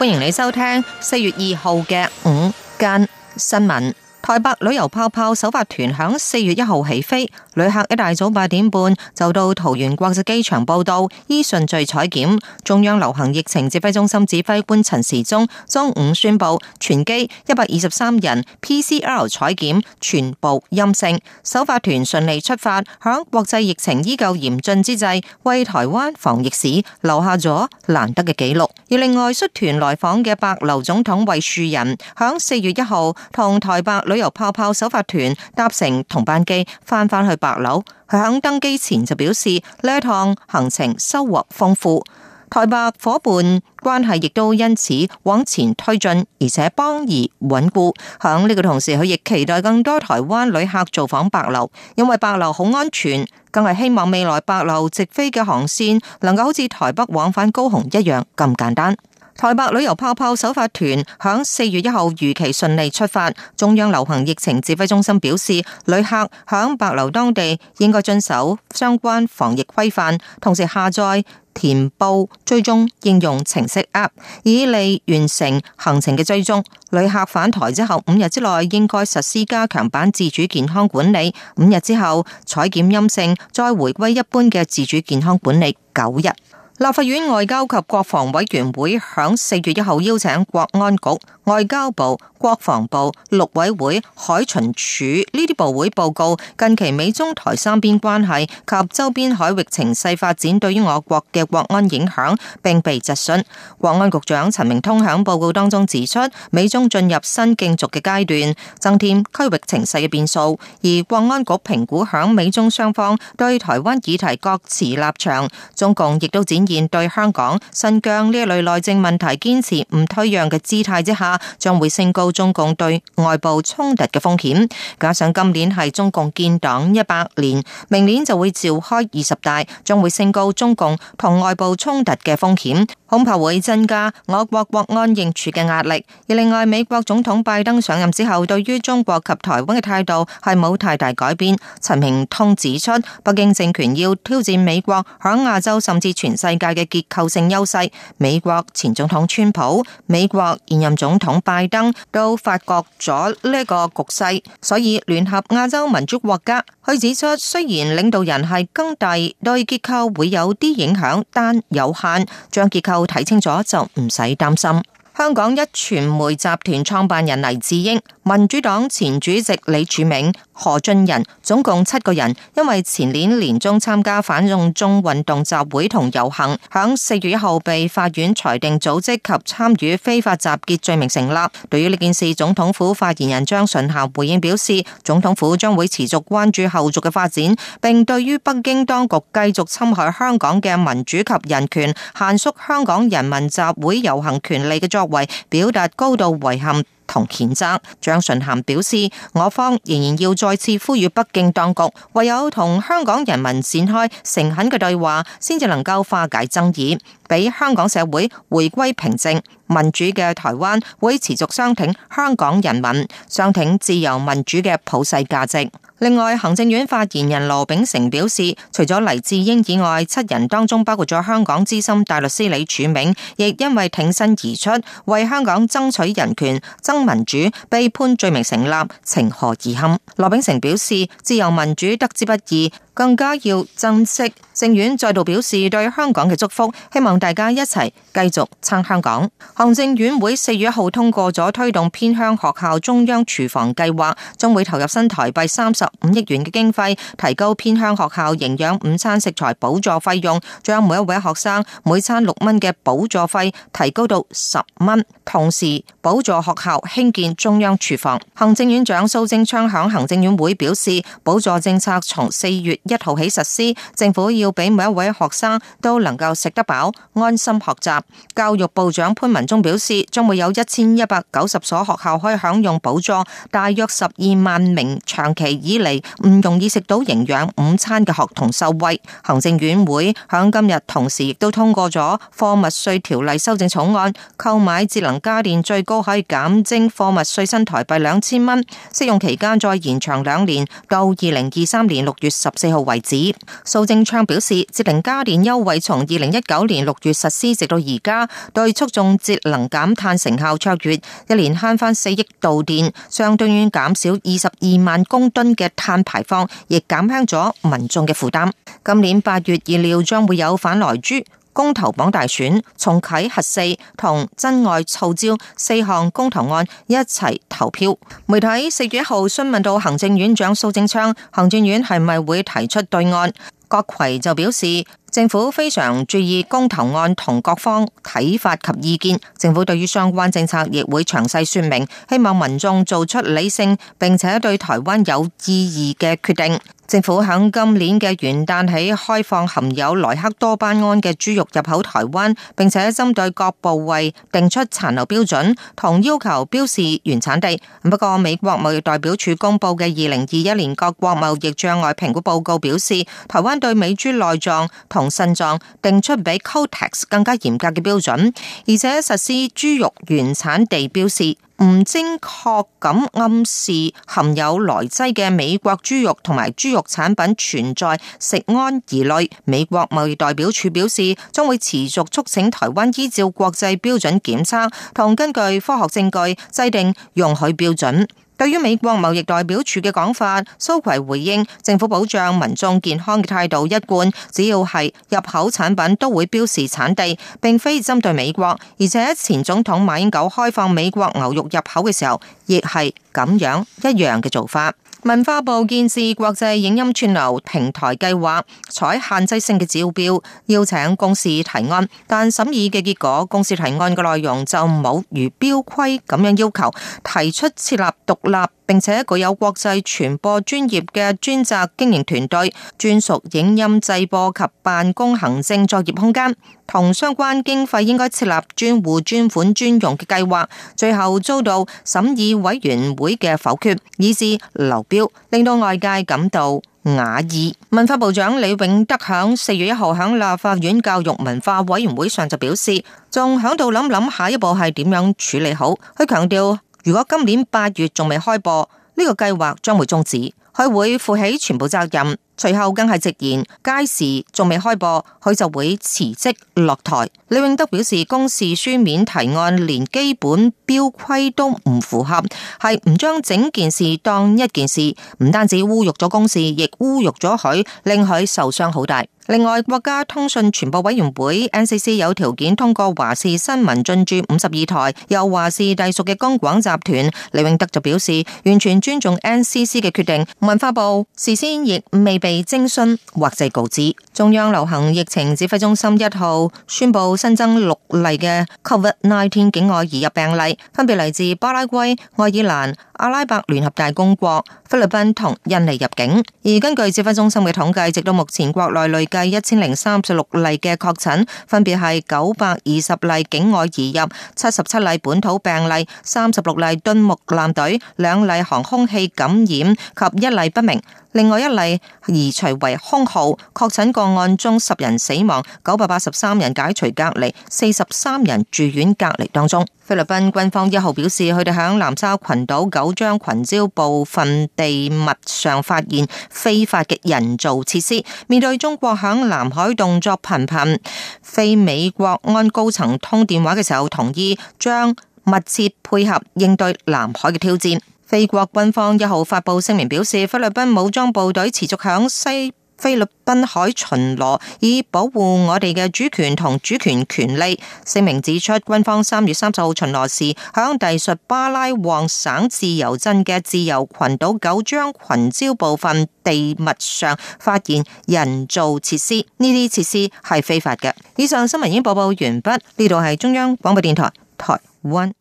歡迎你收聽四月二號嘅午間新聞。台北旅遊泡泡首發團響四月一號起飛，旅客一大早八點半就到桃園國際機場報到，依順序採檢。中央流行疫情指揮中心指揮官陳時中中午宣布，全機一百二十三人 PCR 採檢全部陰性，首發團順利出發。響國際疫情依舊嚴峻之際，為台灣防疫史留下咗難得嘅紀錄。而另外率團來訪嘅帛琉總統惠恕仁，響四月一號同台北旅遊泡泡首發團搭乘同班機翻返去帛琉。佢響登機前就表示，呢一趟行程收穫豐富，台帛伙伴關係亦都因此往前推進，而且幫而穩固。響呢個同時，佢亦期待更多台灣旅客造訪帛琉，因為帛琉好安全，更係希望未來帛琉直飛嘅航綫能夠好似台北往返高雄一樣咁簡單。台帛旅遊泡泡首發團響四月一號如期順利出發。中央流行疫情指揮中心表示，旅客響帛琉當地應該遵守相關防疫規範，同時下載填報追蹤應用程式 App，以利完成行程嘅追蹤。旅客返台之後五日之內應該實施加強版自主健康管理，五日之後採檢陰性再回歸一般嘅自主健康管理。九日。立法院外交及國防委員會響四月一號邀請國安局、外交部、國防部、陸委會、海巡署呢啲部會報告近期美中台三邊關係及周邊海域情勢發展對於我國嘅國安影響，並被質詢。國安局長陳明通響報告當中指出，美中進入新競逐嘅階段，增添區域情勢嘅變數，而國安局評估響美中雙方對台灣議題各持立場，中共亦都展現面對香港、新疆呢一類內政問題堅持唔退讓嘅姿態之下，將會升高中共對外部衝突嘅風險。加上今年係中共建黨一百年，明年就會召開二十大，將會升高中共同外部衝突嘅風險。恐怕會增加我國國安應處嘅壓力。而另外，美國總統拜登上任之後，對於中國及台灣嘅態度係冇太大改變。陳明通指出，北京政權要挑戰美國響亞洲甚至全世界嘅結構性優勢。美國前總統川普、美國現任總統拜登都發覺咗呢個局勢，所以聯合亞洲民族國家，佢指出，雖然領導人係更迭，對結構會有啲影響，但有限，將結構。睇清楚就唔使擔心。香港一傳媒集團創辦人黎智英、民主黨前主席李柱銘。何俊仁總共七個人，因為前年年中參加反送中運動集會同遊行，響四月一號被法院裁定組織及參與非法集結罪名成立。對於呢件事，總統府發言人張惇涵回應表示，總統府將會持續關注後續嘅發展，並對於北京當局繼續侵害香港嘅民主及人權、限縮香港人民集會遊行權利嘅作為，表達高度遺憾。同譴責，張惇涵表示，我方仍然要再次呼籲北京當局，唯有同香港人民展開誠懇嘅對話，先至能夠化解爭議，俾香港社會回歸平靜。民主嘅台灣會持續相挺香港人民，相挺自由民主嘅普世價值。另外，行政院發言人羅秉成表示，除咗黎智英以外，七人當中包括咗香港資深大律師李柱銘，亦因為挺身而出為香港爭取人權、爭民主，被判罪名成立，情何以堪？羅秉成表示，自由民主得之不易，更加要珍惜。政院再度表示對香港嘅祝福，希望大家一齊繼續撐香港。行政院會四月一號通過咗推動偏鄉學校中央廚房計劃，將會投入新台幣三十。十五億元嘅經費，提高偏鄉學校營養午餐食材補助費用，將每一位學生每餐六蚊嘅補助費提高到十蚊，同時補助學校興建中央廚房。行政院長蘇貞昌響行政院會表示，補助政策從四月一號起實施，政府要俾每一位學生都能夠食得飽，安心學習。教育部長潘文忠表示，將會有一千一百九十所學校可以享用補助，大約十二萬名長期以以嚟唔容易食到營養午餐嘅學童受惠。行政院會響今日同時亦都通過咗貨物稅條例修正草案，購買節能家電最高可以減徵貨物稅新台幣兩千蚊，適用期間再延長兩年，到二零二三年六月十四號為止。蘇貞昌表示，節能家電優惠從二零一九年六月實施，直到而家，對促進節能減碳成效卓越，一年慳翻四億度電，相當於減少二十二萬公噸嘅。嘅碳排放，亦減輕咗民眾嘅負擔。今年八月預料將會有反萊豬公投、綁大選重啟核四同珍愛藻礁四項公投案一齊投票。媒體四月一號詢問到行政院長蘇貞昌，行政院係咪會提出對案？郭葵就表示。政府非常注意公投案同各方睇法及意見，政府對於相關政策亦會詳細說明，希望民眾做出理性並且對台灣有意義嘅決定。政府喺今年嘅元旦起開放含有萊克多巴胺嘅豬肉入口台灣，並且針對各部位定出殘留標準，同要求標示原產地。不過，美國貿易代表處公布嘅二零二一年各國貿易障礙評估報告表示，台灣對美豬內臟同腎臟定出比 Codex 更加嚴格嘅標準，而且實施豬肉原產地標示。唔正確咁暗示含有萊劑嘅美國豬肉同埋豬肉產品存在食安疑慮，美國貿易代表處表示將會持續促請台灣依照國際標準檢測，同根據科學證據制定容許標準。對於美國貿易代表處嘅講法，蘇揆回應：政府保障民眾健康嘅態度一貫，只要係入口產品都會標示產地，並非針對美國。而且前總統馬英九開放美國牛肉入口嘅時候，亦係咁樣一樣嘅做法。文化部建置國際影音串流平台計劃，採限制性嘅招標邀請公司提案，但審議嘅結果，公司提案嘅內容就冇如標規咁樣要求提出設立獨立，並且具有國際傳播專業嘅專責經營團隊，專屬影音製播及辦公行政作業空間，同相關經費應該設立專戶、專款專用嘅計劃。最後遭到審議委員會嘅否決，以致流標，令到外界感到訝異。文化部長李永德響四月一號響立法院教育文化委員會上就表示，仲響度諗諗下一步係點樣處理好。佢強調。如果今年八月仲未開播，呢個計劃將會終止。佢會負起全部責任。隨後更係直言，屆時仲未開播，佢就會辭職落台。李永得表示，公視書面提案連基本標規都唔符合，係唔將整件事當一件事，唔單止侮辱咗公視，亦侮辱咗佢，令佢受傷好大。另外，國家通訊傳播委員會 NCC 有條件通過華視新聞進駐五十二台，由華視隸屬嘅公廣集團李永德就表示，完全尊重 NCC 嘅決定。文化部事先亦未被徵詢或者告知。中央流行疫情指揮中心一號宣布新增六例嘅 Covid nineteen 境外移入病例，分別嚟自巴拉圭、愛爾蘭。阿拉伯聯合大公國、菲律賓同印尼入境。而根據指揮中心嘅統計，直到目前國內累計一千零三十六例嘅確診，分別係九百二十例境外移入、七十七例本土病例、三十六例敦睦艦隊、兩例航空器感染及一例不明。另外一例移除為空號確診個案中十人死亡，九百八十三人解除隔離，四十三人住院隔離當中。菲律賓軍方一號表示，佢哋響南沙群島九張群礁部分地物上發現非法嘅人造設施。面對中國響南海動作頻頻，菲美國安高層通電話嘅時候，同意將密切配合應對南海嘅挑戰。四國軍方一號發佈聲明表示，菲律賓武裝部隊持續響西菲律賓海巡邏，以保護我哋嘅主權同主權權利。聲明指出，軍方三月三十號巡邏時，響隸屬巴拉旺省自由鎮嘅自由群島九張群礁部分地物上發現人造設施，呢啲設施係非法嘅。以上新聞已經播報完畢，呢度係中央廣播電台台灣。